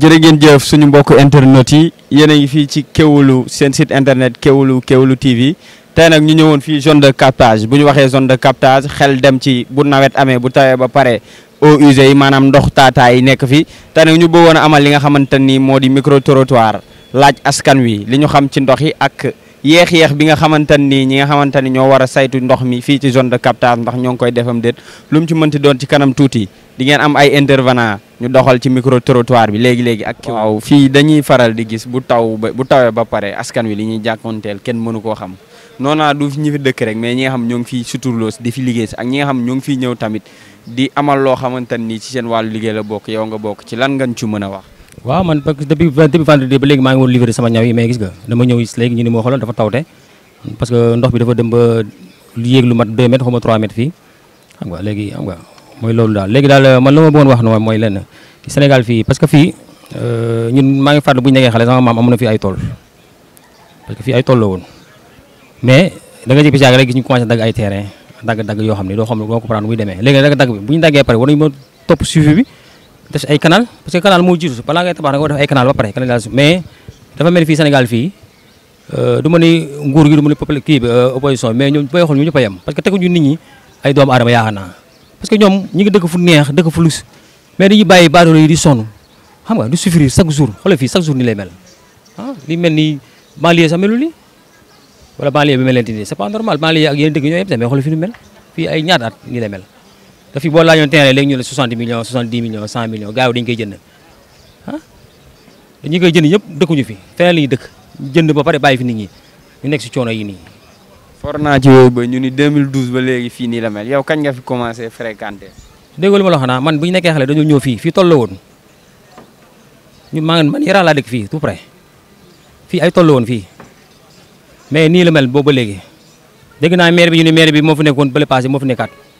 jërë ngeen jëf suñu mbokk internet yi yéen a fii ci Kéwoulo seen site internet Kéwoulo Kéwoulo TV tey nag ñu ñëwoon fii zone de captage bu ñu waxee zone de captage xel dem ci bu nawet amee bu tawee ba pare o usées yi maanaam ndox taataa yi nekk fi tey nag ñu bëggoon woon amal li nga xamante ni moo di micro trottoir laaj askan wi li ñu xam ci ndox ak. yeex-yeex bi nga xamante ni ñi nga xamante ni ñoo war a saytu ndox mi fii ci zone de captage ndax ñoo ngi koy defam déet lu mu ci doon ci kanam tuuti di ngeen am ay intervenant ñu doxal ci micro trottoir bi léegi léegi ak. waaw fii dañuy faral di gis bu taw ba tawee ba pare askan wi li ñuy jàkkoonteel kenn mënu koo xam noona du ñi fi dëkk rek mais ñi nga xam ñoo ngi fiy suturloos di fi liggéey si ak ñi nga xam ñoo ngi fiy ñëw tamit di amal loo xamante ni ci seen wàllu liggéey la bokk yow nga bokk ci lan nga ci mën a wax. waaw man parce que depuis depuis vendredi ba léegi maa ngi woon livré sama ñaw yi mais gis nga dama ñëw léegi ñu ni moo xooloon dafa tawte parce que ndox bi dafa dem ba lu yéeg lu mat 2 mètres xaw ma 3 fii xam nga léegi xam nga loolu daal léegi daal man la ma bëggoon wax no mooy lenn Sénégal fii parce que fii euh, ñun maa ngi fàttali bu ñu nekkee xale sama maam amoon na fii ay tool parce que fii ay tool woon mais da nga jékki-jékki rek gis ñu commencé dagg ay terrain dagg-dagg yoo xam ne doo xam doo comprendre muy demee léegi nag def ay canal parce que canal moo jiitu balaa ngay tabax nga war dafa mel fii Sénégal fii euh, du ma ni nguur gi du ma ni peuple kii bi euh, opposition mais ñoom booy xool ñu ñëpp a yem que teguñu nit ñi ay doomu aadama yaakaar naa parce que ñoom ñi ngi dëkk fu neex dëkk fu lus mais dañuy bàyyi baadoolo yi di sonn xam nga du souffrir chaque jour xoolal fii ni lay mel ah li mel ni banlieue sax melul li wala banlieue bi mel leen ti nii c'est pas normal banlieue ak yeneen dëkk ñoo yem mais xoolal fii ni mel fii ay ñaata at ni lay mel te fii boo laajoon terrain léegi ñu ne 60 millions 70 millions 100 millions gars yi dañu koy jënd ah dañu koy jënd ñëpp dëkkuñu fi feneen la ñuy dëkk jënd ba pare bàyyi fi nit ñi ñu nekk si coono yi nii. for naa ci yooyu ba ñu ni 2012 ba léegi fii nii la mel yow kañ nga fi commencé fréquenter. dégg lu ma la wax naa man bu ñu nekkee xale dañoo ñëw fii fii toll la woon ñun maa ngi man Yara laa dëkk fii tout près fii ay toll la woon fii mais nii la mel boobu ba léegi dégg naa maire bi ñu ne maire bi moo fi nekkoon bële passé moo fi nekkaat.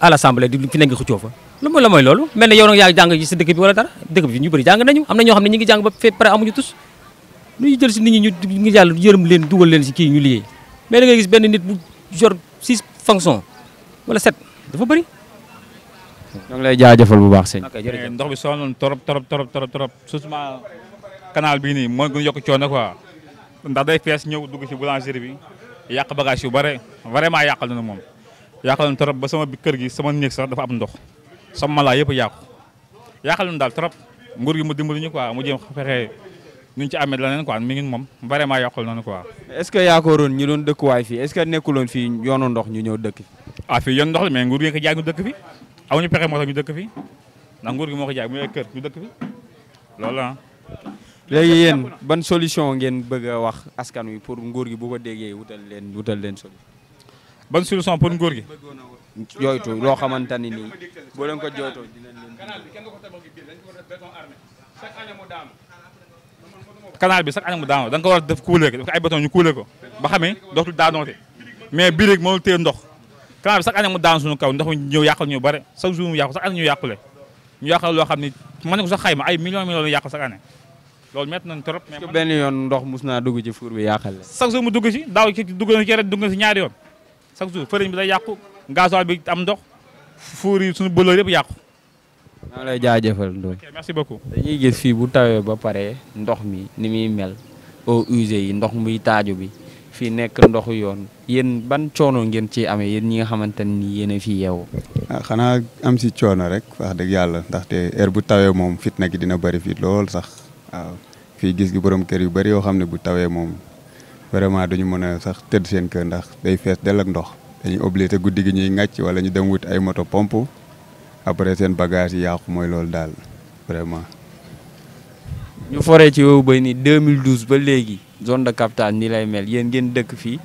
à l'assemblée di fi nekk xëccoo fa lu mooy la mooy loolu mel ne yow nag yaa jàng ci sa dara dëkk bi ñu bëri jàng nañu am na ñoo xam ne ñu ngi ba fee pare amuñu tus lu jël si nit ñi ñu ngi yàlla yërëm leen dugal leen si kii ñu liggéey mais da ngay gis benn nit bu yor six fonctions wala set dafa bëri ñoo ngi lay jaajëfal bu baax sëñ eh, ndox bi sonaloon trop trop trop trop trop surtout canal bii nii mooy gën yokk coono quoi ndax day fees ñëw dugg si boulangerie bi yàq bagage yu bare vraiment yàqal na moom yaakaaroon trop ba sama kër gi sama néeg sax dafa am ndox sama malaa yëpp yàqu yaakaaroon daal trop nguur gi mu dimbali ñu ko mu jéem fexe ñu ci amee leneen quoi mi ngi moom vraiment yàqul noonu quoi. est-ce que yaakaaroon ñi doon dëkkuwaay fii est-ce que nekkuloon fii yoonu ndox ñu ñëw dëkk. ah fii yoonu ndox la mais nguur gi nga ko jaay ñu dëkk fi amuñu pexe moo tax ñu dëkk fi ndax nguur gi moo ko jaay muy ay kër ñu dëkk fi loolu la léegi yéen ban solution ngeen bëgg a wax askan wi pour nguur gi bu ko déggee wutal leen wutal leen solution. ban solution pour nguur gi. jooytu loo xamante ni nii boo leen ko jooytoo dinañ leen. canal bi chaque année mu daanoo da ko war def kuule ko def ko ay béton ñu kuule ko ba xamee dootul daanoote mais bii rek mënul téye ndox canal bi chaque année mu daan suñu kaw ndox mi ñëw yàqal ñu bare chaque jour mu yàqu chaque année ñu yàqule ñu yàqal loo xam ne mën na ko sax xayma ay millions millions yàqal chaque année loolu métti nañ trop. mais benn yoon ndox mus naa dugg ci fuur bi yàqal la. chaque jour mu dugg ci daaw ci dugg na ci ren dugg na ci ñaari yoon. chaque jour fëriñ bi day yàqu gasoil bi am ndox fuur yi suñu bëlër yëpp yàqu. maa lay jaajëfal Ndoye. merci beaucoup. dañuy gis fii bu tawee ba pare ndox mi ni muy mel eaux usées yi ndox muy taaju bi fii nekk ndoxu yoon yéen ban coono ngeen ci amee yéen ñi nga xamante ni yéen a fi yeewoo. Ah, xanaa am si coono rek wax dëgg yàlla ndaxte heure bu tawee moom fitna gi dina bëri fii lool sax fi gis gi borom kër yu bëri yoo xam ne bu tawee moom. vraiment du ñu mën a sax tëdd seen kër ndax day fees dell ak ndox dañuy obligé te guddi gi ñuy ŋàcc wala ñu dem wut ay moto pomp après seen bagage yi yàqu mooy loolu daal vraiment. ñu foree ci wow bay ni 2012 ba léegi zone de captage ni lay mel yéen ngeen dëkk fii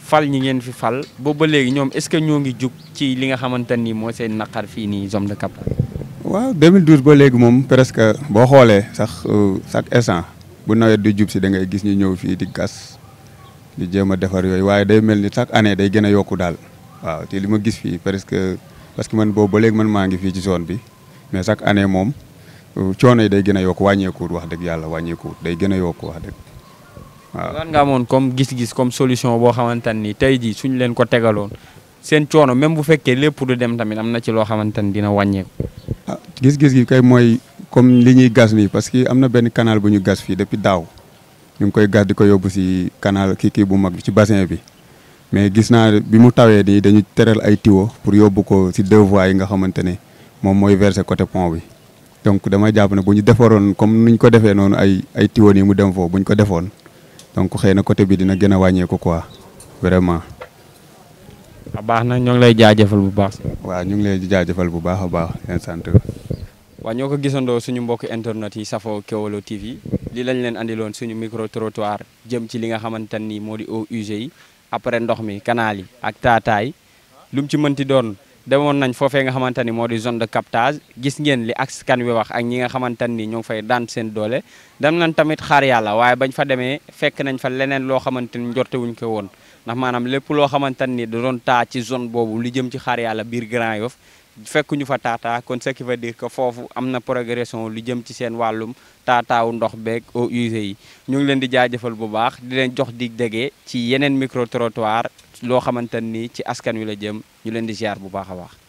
fal ñi ngeen fi fal boobu ba léegi ñoom est-ce que ñoo ngi jug ci li nga xamante ni moo seen naqar fii nii zone de captage. waaw 2012 ba léegi moom presque boo xoolee sax euh, chaque instant bu nawet di jub si da ngay gis ñu ñëw fii di di jéem defar yooyu waaye day mel ni chaque année day gën a yokku daal waaw te li ma gis fii presque parce que man boobu ba léegi man maa ngi fii ci zone bi mais chaque année moom euh, coono yi day gën a yokku wàññeekuut wax dëgg yàlla wàññeekuut day gën a yokku wax dëgg waaw. lan nga amoon comme gis-gis comme solution boo xamante ni tey jii suñ leen ko tegaloon seen coono même bu fekkee lépp du dem tamit am na ci loo xamante ni dina wàññeeku. ah gis-gis gi kay mooy comme li ñuy gas nii parce que am na benn canal bu ñu gas fii depuis daaw. ñu ngi koy gas di ko yóbbu si canal kii kii bu mag ci bassin bi mais gis naa bi mu tawee nii dañu teral ay tiwo pour yóbbu ko si deux voies yi nga xamante ne moom mooy versé côté pont bi donc damay jàpp ne bu ñu defaroon comme nuñ ko defee noonu ay ay tiwo nii mu dem foofu bu ñu ko defoon donc xëy na côté bi dina gën a wàññeeku quoi vraiment. Ah, baax na ñoo ngi lay jaajëfal bu baax. waaw ñu ngi lay jaajëfal bu baax a baax sant. waa ñoo ko gisandoo suñu mbokk internet yi safoo Kéwoulo TV. li lañ leen andiloon suñu micro trottoir jëm ci li nga xamante ni moo di eaux usées yi après ndox mi canal yi ak taataay lu mu ci mënti doon demoon nañ foofee nga xamante ni moo di zone de captage gis ngeen li kan wi wax ak ñi nga xamante ni ñoo fay daan seen doole dem nañ tamit xaar waaye bañ fa demee fekk nañ fa leneen loo xamante ni njortewuñ ko woon ndax maanaam lépp loo xamante ni da doon taa ci zone boobu lu jëm ci xaar yàlla biir Grand Yoff fekku ñu fa taataa kon ce qui veut dire que foofu am na progression lu jëm ci seen wàllum taataawu ndox beeg eaux usées yi ñu ngi leen di jaajëfal bu baax di leen jox dig dégee ci yeneen micro trottoir loo xamante ni ci askan wi la jëm ñu leen di ziar bu baax a baax.